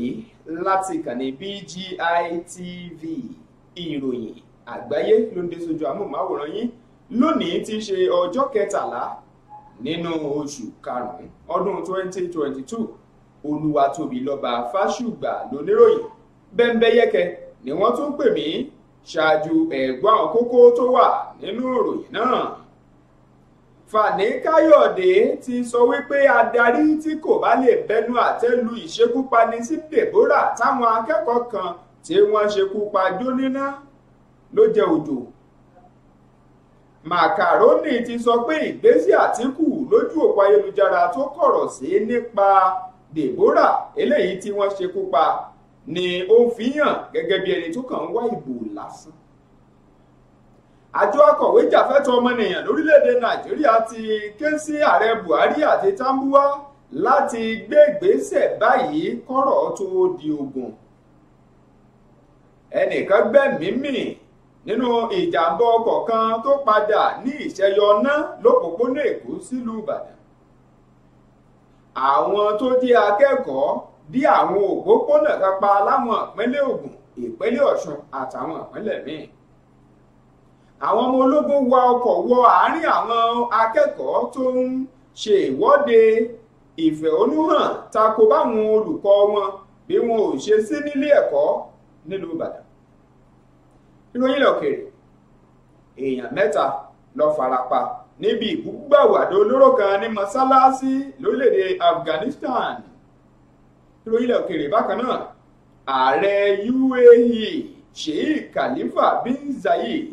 yìí láti ìkànnì BGI TV ìròyìn àgbáyé ló ń dé sójú amóhùnmáwòrán yín lónìí ti ṣe ọjọ́ kẹtàlá nínú oṣù karùn-ún ọdún 2022 olúwatóbilọ́ba fásùgbà lóníròyìn bẹ́ńbẹ́yẹ́kẹ́ ni wọ́n tún pè mí ṣáájú ẹ̀gbọ́n àwọn kókó tó wà nínú ìròyìn náà. Fani Káyọ̀dé ti sọ wípé adarí tí kò bá lè bẹnu àtẹ́ lu ìṣekúpani sí Deborah táwọn akẹ́kọ̀ọ́ kan tí wọ́n ṣekú pa jóníná ló jẹ́ òjò Màkàrónì ti sọ pé ìgbésí Àtíkù lójú òpó ayélujára tó kọ̀rọ̀ sí nípa Deborah eléyìí tí wọ́n ṣekú pa ni ó ń fi hàn gẹ́gẹ́ bí ẹni tó kàn ń wá ìbò lásán àjọ akọ̀wé jàfẹ́tọ̀ ọmọnìyàn lórílẹ̀‐èdè nàìjíríà ti ké sí ààrẹ buhari àti tambuwa láti gbé ìgbésẹ̀ báyìí kọ́rọ̀ tó di ogun ẹnìkan gbẹ̀mí mì nínú ìjàmbá ọkọ̀ kan tó padà ní ìṣẹ́yọ ọ̀nà lópòpónà èkó sílùú ìbàdàn àwọn tó jẹ́ akẹ́kọ̀ọ́ dí àwọn òpópónà kan pa láwọn ìpínlẹ̀ ògùn ìpínlẹ̀ ọ̀ṣun àtàwọn ìpínlẹ̀ míì àwọn ọmọ ológun wa ọkọ̀ wọ àárín àwọn akẹ́kọ̀ọ́ tó ń ṣe ìwọ́de ìfẹ̀hónúhàn tako báwọn olùkọ́ wọn bí wọn ò ṣe sí nílé ẹ̀kọ́ nílùú Ìbàdàn ìròyìn lọ́kèrè èèyàn mẹ́ta lọ farapa níbi ìbúgbàwàdà olóró kan ní mọ́sálásí lórílẹ̀‐èdè Afghanistan ìròyìn lọ́kèrè bákan náà ààrẹ UAE Sheikh Khalifa bin Zayed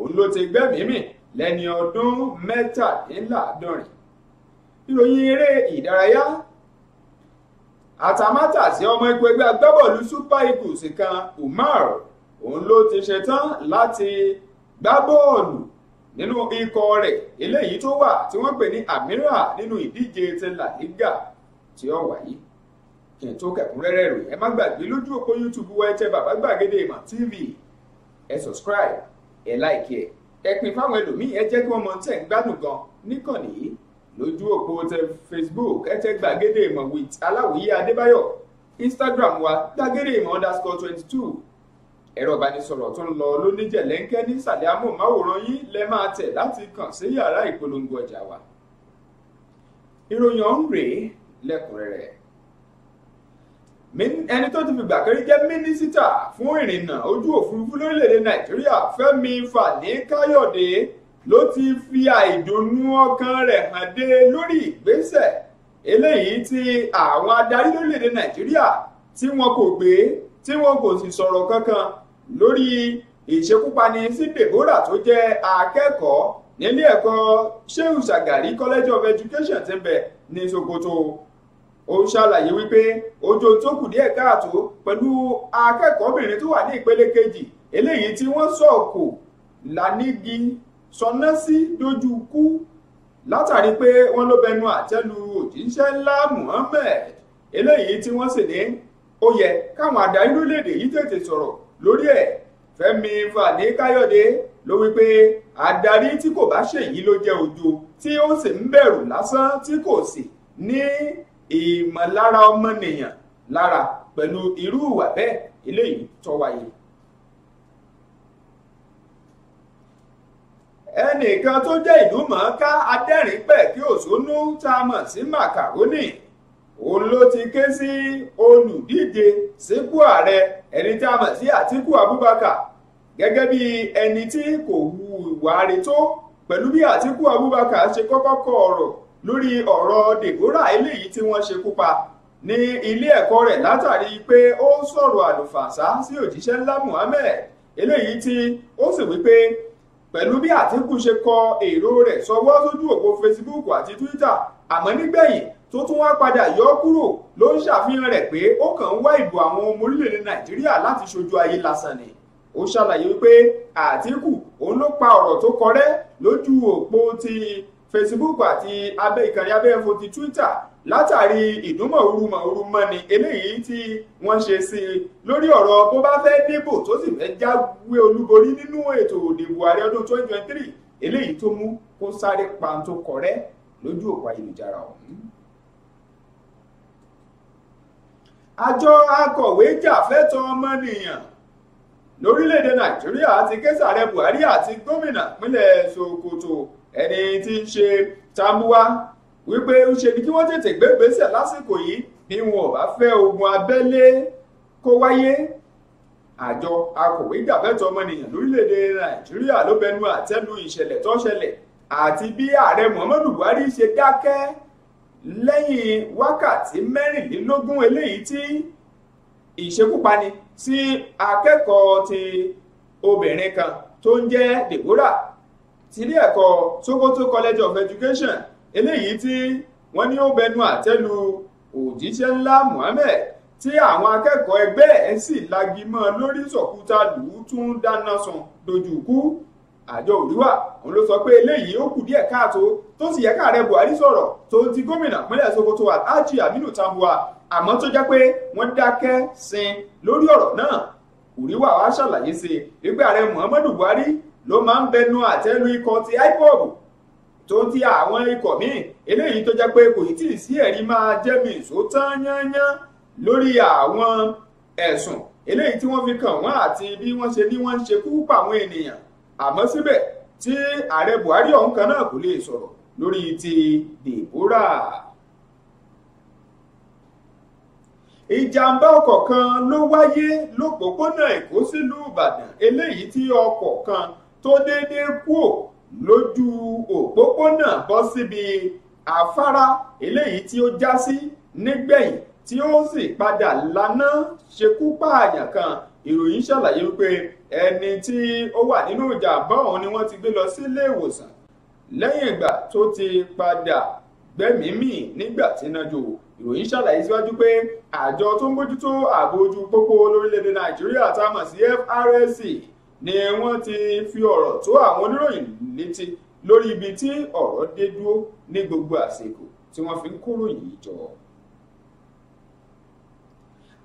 òun ló ti gbẹ́mìí mì lẹ́ni ọdún mẹ́tàdínláàádọ́rin ìròyìn eré ìdárayá àtàmátàsí ọmọ ẹgbẹ́ ẹgbẹ́ agbábọ́ọ̀lù super eagles kan umar òun ló ti ṣetán láti gbá bọ́ọ̀lù nínú ikọ̀ rẹ̀ eléyìí tó wà tí wọ́n pè ní amira nínú ìdíje ti la tí ó wáyé kí n tó kẹ̀kúnrẹ́rẹ́ rẹ̀ ẹ má gbàgbé lójú òpó youtube wa ẹ tẹ bàbá gbàgede ìmọ̀ tv ẹ subscribe ẹ láìkí ẹ ẹ pín fáwọn ẹlòmíì ẹ jẹ́ kí wọ́n mọ tẹ̀ ń gbádùn gan níkànnì yìí lójú òpó tẹ Facebook ẹ tẹ gbàgede ìmọ̀ with aláwòye adébáyọ̀ Instagram wa gbàgede ìmọ̀ underscore twenty two ẹ̀rọ ìbánisọ̀rọ̀ tó ń lọ lóníjẹ̀lẹ́ńkẹ́ nísàlẹ̀ amóhùnmáwòrán yín lẹ máa tẹ̀ láti kàn sí yàrá ìpolongo ọjà wa. ìròyìn ọ̀hún rèé lẹ́kùnrẹ́rẹ́ ẹni tó ti fìgbà kéré jẹ́ mínísítà fún ìrìnnà ojú òfurufú lórílẹ̀‐èdè nàìjíríà fẹ́mi fani-káyọ̀dé ló ti fi àìdùnnú ọkàn rẹ̀ hàn dé lórí ìgbésẹ̀ eléyìí tí àwọn adarí lórílẹ̀‐èdè nàìjíríà tí wọn kò gbé tí wọn kò sì sọ̀rọ̀ kankan lórí ìṣekúpani sí deborah tó jẹ́ akẹ́kọ̀ọ́ nílé ẹ̀kọ́ shehu shagari college of education ti ń bẹ ní sokoto ó ṣàlàyé wípé ojú tó kù díẹ̀ káàtó pẹ̀lú akẹ́kọ̀ọ́bìnrin tó wà ní ìpele kejì eléyìí tí wọ́n sọ̀kò lánìgi sọná sí dojú kú látàrí pé wọ́n ló bẹnu àtẹ́lu òjíṣẹ́ ńlá Muhammed eléyìí tí wọ́n sì ní ó yẹ káwọn adarí lórílẹ̀‐èdè yìí tètè sọ̀rọ̀ lórí ẹ̀ Fẹ́mi Fani Káyọ̀dé ló wípé adarí tí kò bá ṣèyí ló jẹ́ ojo tí ó sì ń bẹ̀rù lásán tí kò sì ní ìmọ̀lára ọmọnìyàn lára pẹ̀lú irú ìwà bẹ́ẹ̀ eléyìí tó wáyé. ẹnìkan tó jẹ́ ìlú mọ̀ọ́ká adẹ́rìn-pẹ̀kí òṣónú tá a mọ̀ sí màkàrónì òun ló ti ké sí olùdíje sípò ààrẹ ẹni tá a mọ̀ sí àtíkù abubakar gẹ́gẹ́ bí ẹni tí kò hu ìwà rẹ̀ tó pẹ̀lú bí àtíkù abubakar ṣe kọ́kọ́ kọ ọ̀rọ̀ lórí ọ̀rọ̀ Deborah eléyìí tí wọ́n ṣekú pa ní ilé ẹ̀kọ́ rẹ̀ látàrí pé ó sọ̀rọ̀ àlùfàṣá sí òjíṣẹ́ ńlá Muhammed eléyìí tí ó sì wípé pẹ̀lú bí Àtíkù ṣe kọ èrò rẹ̀ sọwọ́ sójú òpó Facebook àti Twitter àmọ́ nígbẹ̀yìn tó tún wá padà yọ kúrò ló ń ṣàfihàn rẹ̀ pé ó kàn ń wá ìbò àwọn ọmọ orílẹ̀-èdè Nàìjíríà láti ṣojú ayé lásán ni ó ṣàlàyé pé Àtíkù òun ló pa ọ̀rọ̀ tó kọrẹ́ lójú òpó ti Facebook àti abẹ́ ìkànnì abẹ́yẹ̀fọ́ ti Twitter látàrí ìdúnmọ̀rúru mọ̀rú mọ́ni eléyìí tí wọ́n ṣe sí i lórí ọ̀rọ̀ bó bá fẹ́ dìbò tó sì fẹ́ jáwé olúborí nínú ètò òdìbò ààrẹ ọdún 2023 eléyìí tó mú kó sáré pàǹtó kọ̀rẹ́ lójú òpó ayélujára ọ̀hún. àjọ akọ̀wé jàfẹ́tọ̀ ọmọnìyàn lórílẹ̀‐èdè nàìjíríà ti ké sàrẹ buhari àti gómìnà pínlẹ̀ sokoto ẹni tí ń ṣe Tambuwa wípé ń ṣe ni kí wọ́n tètè gbé gbèsè lásìkò yìí bí wọn ò bá fẹ́ ogun abẹ́lé kó wáyé àjọ akọ̀wé ìjàfẹ́tọ̀ ọmọnìyàn lórílẹ̀‐èdè nàìjíríà ló bẹnu àtẹ́lu ìṣẹ̀lẹ̀ tó ṣẹlẹ̀ àti bí ààrẹ muhammadu buhari ṣe dákẹ́ lẹ́yìn wákàtí mẹ́rìnlélógún eléyìí tí ìṣekúpani sí akẹ́kọ̀ọ́ ti obìnrin kan tó ń jẹ́ deborah tilé ẹ̀kọ́ Sokoto College of Education eléyìí tí wọ́n ní ó bẹnu àtẹ́lu òjíṣẹ́ ńlá Muhammed tí àwọn akẹ́kọ̀ọ́ ẹgbẹ́ ẹ̀ sì lagi mọ́ ọ lórí sọ̀kúta lù ú tún dáná sun dojú kú àjọ òríwà òun ló sọ pé eléyìí ó kù díẹ̀ káàtó tó sì yẹ káàrẹ Buhari sọ̀rọ̀ tó ti gómìnà pínlẹ̀ Sokoto Alhaji Aminu Tambuwa àmọ́ tó jẹ́ pé wọ́n dákẹ́ sin lórí ọ̀rọ̀ náà òríwà wa ṣàlàyé sí i wípé ààrẹ Muhammadu Buhari ló máa ń bẹnu àtẹ́lu ikọ̀ ti IPOB tó ti àwọn ikọ̀ míì eléyìí tó jẹ́ pé kò tí ì sí ẹ̀rí máa jẹ́ mi yányán lórí àwọn ẹ̀sùn eléyìí tí wọ́n fi kàn wọ́n àti bí wọ́n ṣe ní wọ́n ń ṣekú pa ènìyàn àmọ́ síbẹ̀ tí ààrẹ Buhari ọ̀hún kan náà kò lè sọ̀rọ̀ lórí ti Deborah. ìjàmbá ọkọ̀ kan ló wáyé lópòpónà Èkó sílùú Ìbàdàn eléyìí tí ọkọ̀ kan tó déédéé kúò lójú òpópónà bọ́ síbi afárá eléyìí tí ó já sí nígbẹ̀yìn tí ó sì padà laná ṣekú pààyàn kan ìròyìn ṣàlàyé wípé ẹni tí ó wà nínú ìjàmbá ọ̀hún ni wọ́n ti gbé lọ sílé ìwòsàn lẹ́yìn ìgbà tó ti padà gbẹ́mìí mì nígbà tí iná jò ìròyìn ṣàlàyé síwájú pé àjọ tó ń bójútó ààbò ojú pópó lórílẹ̀‐èdè nàìjíríà tá a mọ̀ sí FRSC ni wọ́n ti fi ọ̀rọ̀ tó àwọn oníròyìn létí lórí ibi tí ọ̀rọ̀ dé dúró ní gbogbo àsìkò tí wọ́n fi ń kóròyìn jọ.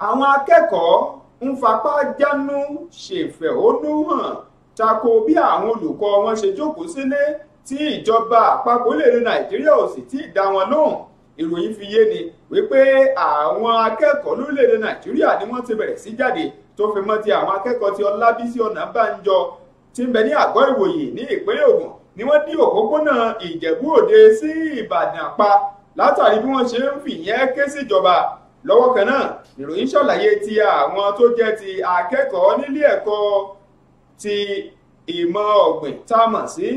àwọn akẹ́kọ̀ọ́ ń fapá jánu ṣèfẹ̀hónúhàn tako bí àwọn olùkọ́ wọn ṣe jókòó sílé tí ìjọba àpapọ̀ lè rí nàìjíríà ò sì tí dá wọn lóhùn ìròyìn fi yé ni wípé àwọn akẹ́kọ̀ọ́ lórílẹ̀‐èdè nàìjíríà ni wọ́n ti bẹ̀rẹ̀ sí jáde tó fi mọ́ ti àwọn akẹ́kọ̀ọ́ ti Ọlábísí Ọ̀nàbànjọ tí ń bẹ ní àgọ́ ìwòyè ní ìpínlẹ̀ Ògùn ni wọ́n dí òpópónà Ìjẹ̀bú Òde sí Ìbàdàn pa látàrí bí wọ́n ṣe ń fìyẹn ké síjọba lọ́wọ́ kan náà nìròyìn ṣàlàyé ti àwọn tó jẹ́ ti akẹ́kọ̀ọ́ nílé ẹ̀kọ́ ti ìmọ̀ ọ̀gbìn tá a mọ̀ sí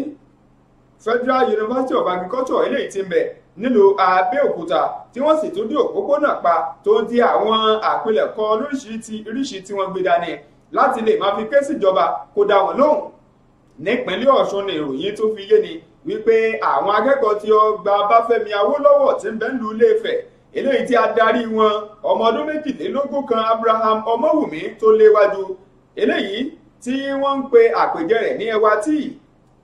Federal University of Agriculture eléyìí tí ń nílùú Abẹ́òkúta tí wọ́n sì tún dé òpópónà pa tó ń di àwọn àpilẹ̀kọ lóríṣìí tí wọ́n gbé dání láti lè máa fi ké síjọba kó dá wọn lóhùn nípínlẹ̀ Ọ̀ṣun ni ìròyìn tó fi yé ni wípé àwọn akẹ́kọ̀ọ́ tí ọgbà Báfẹ́mi Awólọ́wọ̀ ti ń bẹ nílùú Ilé-Ifẹ̀ eléyìí tí adarí wọn ọmọ ọdún méjìlélógún kan Abraham Ọmọwùmí tó léwájú eléyìí tí wọ́n ń pe àpèjẹ rẹ̀ ní ẹwà tíì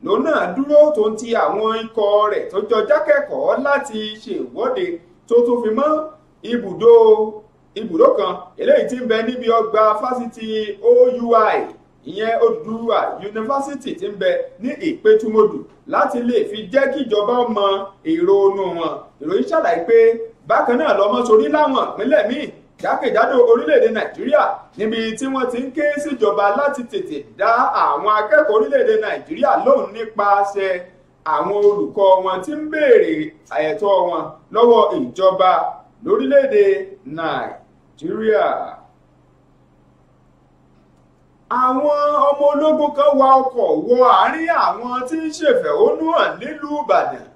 lòun náà dúró tó ń ti àwọn ikọ̀ rẹ̀ tó jọ jákẹ́kọ̀ọ́ láti ṣe ìwọ́de tó tún fi mọ́ ibùdó ibùdó kan eléyìí tí ń bẹ níbi ọgbà fásitì OUI ìyẹn Odùduwà yunifásitì tí ń bẹ ní ìpẹtùmọdù láti lè fi jẹ́ kí ìjọba mọ èrò inú wọn ìròyìn ṣàlàyé pé bákan náà lọmọ sórí láwọn ìpínlẹ̀ míì jákèjádò orílẹ̀-èdè nàìjíríà níbi tí wọ́n ti ń ké síjọba láti tètè dá àwọn akẹ́kọ̀ọ́ orílẹ̀-èdè nàìjíríà lóhùn nípasẹ̀ àwọn olùkọ́ wọn tí ń béèrè ẹ̀tọ́ wọn lọ́wọ́ ìjọba lórílẹ̀-èdè nàìjíríà. àwọn ọmọ ológun kan wa ọkọ̀ wọ àárín àwọn tí ń ṣèfẹ̀hónúhàn nílùú ìbàdàn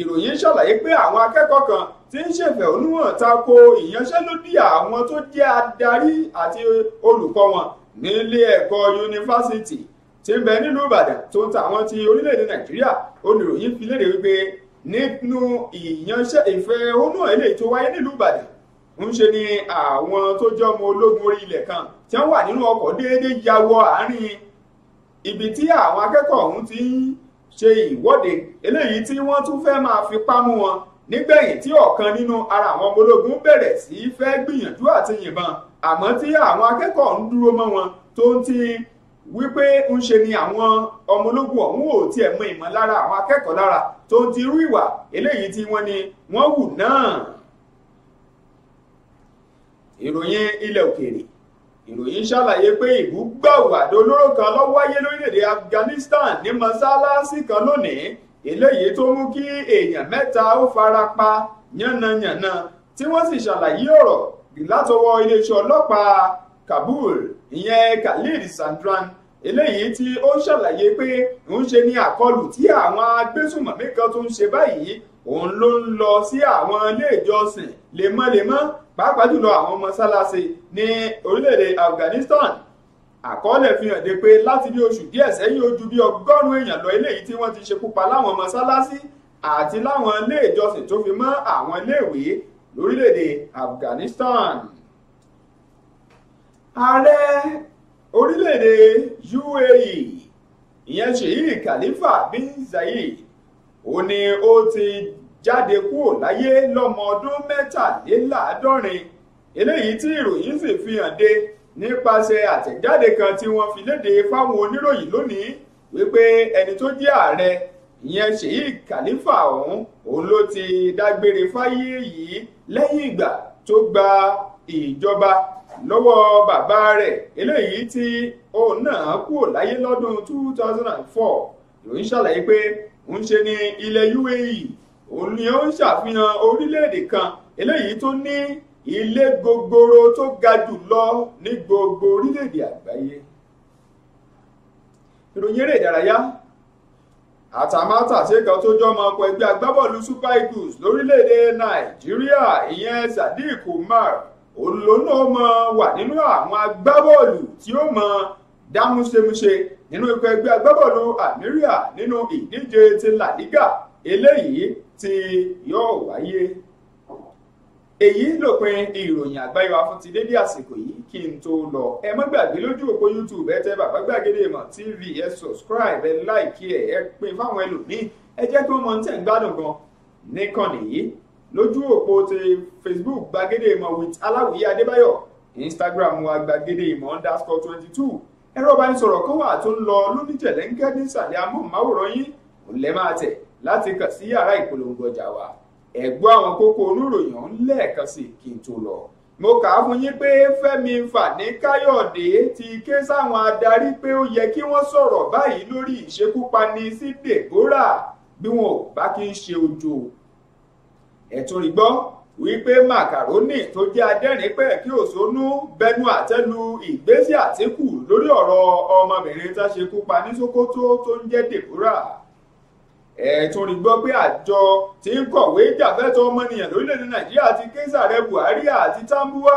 ìròyìn ṣàlàyé pé àwọn akẹ́kọ̀ọ́ kan tí ń ṣèfẹ̀ oníwọ̀n tako ìyanṣẹ́lódì àwọn tó jẹ́ adarí àti olùkọ́ wọn nílé ẹ̀kọ́ yunifásitì tí ń bẹ nílùú Ìbàdàn tó ń ta àwọn ti orílẹ̀-èdè Nàìjíríà oníròyìn fi léde wípé nínú ìyanṣẹ́ ìfẹ̀hónúhàn eléyìí tó wáyé nílùú Ìbàdàn ń ṣe ni àwọn tó jẹ́ ọmọ ológun orí ilẹ̀ kan tí wọ́n wà nínú ọkọ̀ déédéé ya wọ àárín ibi tí àwọn akẹ́kọ̀ọ́ ọ̀hún ti ń ṣe ìwọ́de eléyìí tí wọ́n tún fẹ́ máa fipá mú wọn nígbẹ̀yìn tí ọ̀kan nínú ara àwọn ọmọ ológun bẹ̀rẹ̀ sí í fẹ́ gbìyànjú àti yìnbọn àmọ́ tí àwọn akẹ́kọ̀ọ́ ń dúró mọ́ wọn tó ń ti wípé ń ṣe ni àwọn ọmọ ológun ọ̀hún ò tiẹ̀ mọ ìmọ̀lára àwọn akẹ́kọ̀ọ́ lára tó ń ti rú ìwà eléyìí tí wọ́n ní wọ́n wù náà. ìròyìn ilẹ̀ òkèèrè ìròyìn ṣàlàyé pé ìbúgbàwò àdó olóró kan ló wáyé lórílẹ̀‐èdè Afghanistan ní mọ́sálásí kan lónìí eléyìí tó mú kí èèyàn mẹ́ta ó fara pa yánnayànna tí wọ́n sì ṣàlàyé ọ̀rọ̀ látọwọ́ iléeṣẹ́ ọlọ́pàá Kabul ìyẹn Khalid Sandran eléyìí tí ó ṣàlàyé pé ń ṣe ní àkọlù tí àwọn agbésùmọ̀mí kan tó ń ṣe báyìí òun ló ń lọ sí àwọn ilé lemọ́lemọ́ pàápàá jùlọ àwọn mọ́sálásí ní orílẹ̀-èdè Afghanistan àkọọ́lẹ̀ fi hàn dé pé láti bí oṣù díẹ̀ sẹ́yìn ó ju bí ọgọ́rùn-ún èèyàn lọ eléyìí tí wọ́n ti ṣekú pa láwọn mọ́sálásí àti láwọn ilé ìjọsìn tó fi mọ́ àwọn iléèwé lórílẹ̀‐èdè Afghanistan. ààrẹ orílẹ̀‐èdè UAE ìyẹn Sheikh Khalifa bin Zayed ó ní ó ti jáde kúrò láyé lọ́mọ ọdún mẹ́tàléláàádọ́rin eléyìí tí ìròyìn sì fi hàn dé nípasẹ̀ àtẹ̀jáde kan tí wọ́n fi léde fáwọn oníròyìn lónìí wípé ẹni tó jẹ́ ààrẹ ìyẹn ṣèyí kàlífà ọ̀hún òun ló ti dágbére fáyé yìí lẹ́yìn ìgbà tó gba ìjọba lọ́wọ́ bàbá rẹ̀ eléyìí tí òun náà kúrò láyé lọ́dún 2004 lòun ṣàlàyé pé ń ṣe ní ilẹ̀ UAE òun ni ó ń ṣàfihàn orílẹ̀-èdè kan eléyìí tó ní ilé gogoro tó ga jù lọ ní gbogbo orílẹ̀-èdè àgbáyé ìròyìn eré ìdárayá àtàmátà tí kan tó jọ ọmọ ọkọ̀ ẹgbẹ́ agbábọ́ọ̀lù super eagles lórílẹ̀‐èdè nàìjíríà ìyẹn sadiq umar olóńnà ọmọ wà nínú àwọn agbábọ́ọ̀lù tí ó mọ dámúṣemúṣe nínú ikọ̀ ẹgbẹ́ agbábọ́ọ̀lù almeria nínú ìdíje ti la liga eléyìí tí yóò wáyé èyí lópin ìròyìn àgbáyọ afún ti dédé àsìkò yìí kí n tó lọ ẹ má gbàgbé lójú òpó youtube ẹ tẹ bàbá gbàgede ìmọ̀ tv ẹ subscribe ẹ like ẹ ẹ pín fáwọn ẹlòmíín ẹ jẹ́ kí wọ́n mọ̀ tẹ̀ ń gbádùn gan nìkànnì yìí lójú òpó ti facebook gbàgede ìmọ̀ with aláwìyé adébáyọ̀ instagram wa gbàgede ìmọ̀ underscore twenty two ẹ̀rọ ìbánisọ̀rọ̀ kan wà tó ń lọ lóníjẹ̀lẹ́ńkẹ́ nísàlẹ̀ amóhùnmáwòrán yín òun lẹ́ máa tẹ̀ láti kàn sí yàrá ìpolongo ọjà wa ẹ gbọ́ àwọn kókó oníròyìn ọ̀hún lẹ́ẹ̀kan sí kí n tó lọ. mo kà á fún yín pé Fẹ́mi Fani-Káyọ̀dé ti ké sáwọn adarí pé ó yẹ kí wọ́n sọ̀rọ̀ báyìí lórí ìṣekúpani sí Deborah bí wọn ò bá kí ń ṣe ojo. ẹ tún rí gbọ́ wípé màkàrónì tó jẹ́ adẹ́rìn ín kí òṣónú bẹnu àtẹ́lu ìgbésí Àtíkù lórí ọ̀rọ̀ ọmọbìnrin tá ṣekú pa ní Sókótó tó ń jẹ́ Deborah ẹ̀tún rí gbọ́ pé àjọ tí ń kọ̀wé jàfẹ́tọ̀ ọmọnìyàn lórílẹ̀‐èdè nàìjíríà ti ké sàrẹ buhari àti tambuwa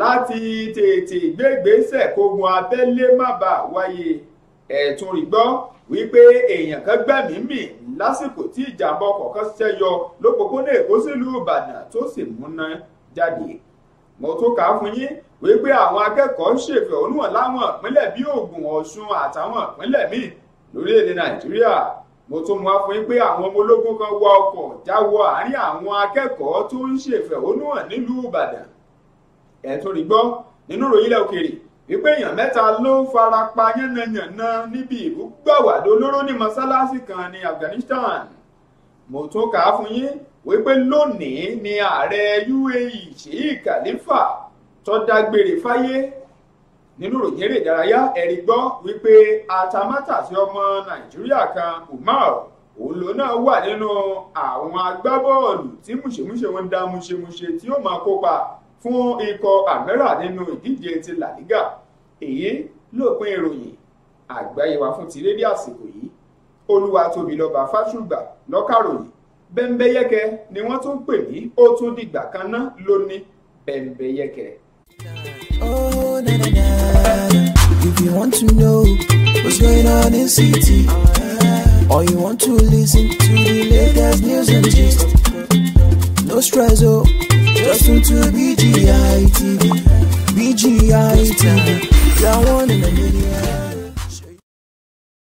láti tètè gbé ìgbésẹ̀ kógun abẹ́lé má bàa wáyé ẹ̀tún rí gbọ́ wípé èèyàn kan gbẹ̀mí mì lásìkò tí ìjàmbá ọkọ̀ kan ṣiṣẹ́ yọ lópòpónà èkó sílùú ìbàdàn tó sì múná jáde mo tún kà á fún yín wípé àwọn akẹ́kọ̀ọ́ ń ṣèfẹ̀hónúhàn láwọn ìpínlẹ̀ bíi ògùn ọ̀ṣun àtàwọn ìpínlẹ̀ míì lórílẹ̀‐èdè nàìjíríà mo tún mú wá fún yín pé àwọn ọmọ ológun kan wa ọkọ̀ já wọ àárín àwọn akẹ́kọ̀ọ́ tó ń ṣèfẹ̀hónúhàn nílùú ìbàdàn ẹ̀tún rí gbọ́ nínú ìròyìn ilẹ̀ òkèèrè wípé èèyàn mẹ́ta ló fara pa yánnayànna níbi ìbúgbàwàdó olóró ní mọ́sálásí kan ní afghanistan mo tún kà á fún yín wípé lónìí ni ààrẹ uae sheikh khalifa tó dágbére fáyé nínú rògbèrè ìdárayá ẹ̀rí gbọ́ wípé atamátàsí ọmọ nàìjíríà kan umar òun ló náà wà nínú àwọn agbábọ́ọ̀lù tí múṣemúṣe wọn dá múṣemúṣe tí ó máa kópa fún ikọ̀ àmẹ́rà nínú ìdíje ti La Liga èyí lópin ìròyìn àgbáyé wa fún ti rédíò àsìkò yìí olúwa tóbi lọ́ba fásùgbà lọ́kàròyìn bẹ́ńbẹ́yẹ́kẹ́ ni wọ́n tún pè ní ó tún dìgbà kan ná lóní bẹ́ńbẹ́yẹ́kẹ́. Oh, na na na. If you want to know what's going on in city, or you want to listen to the latest news and gist, no stress, oh, just tune to BGI TV. BGI TV, you're one in the million.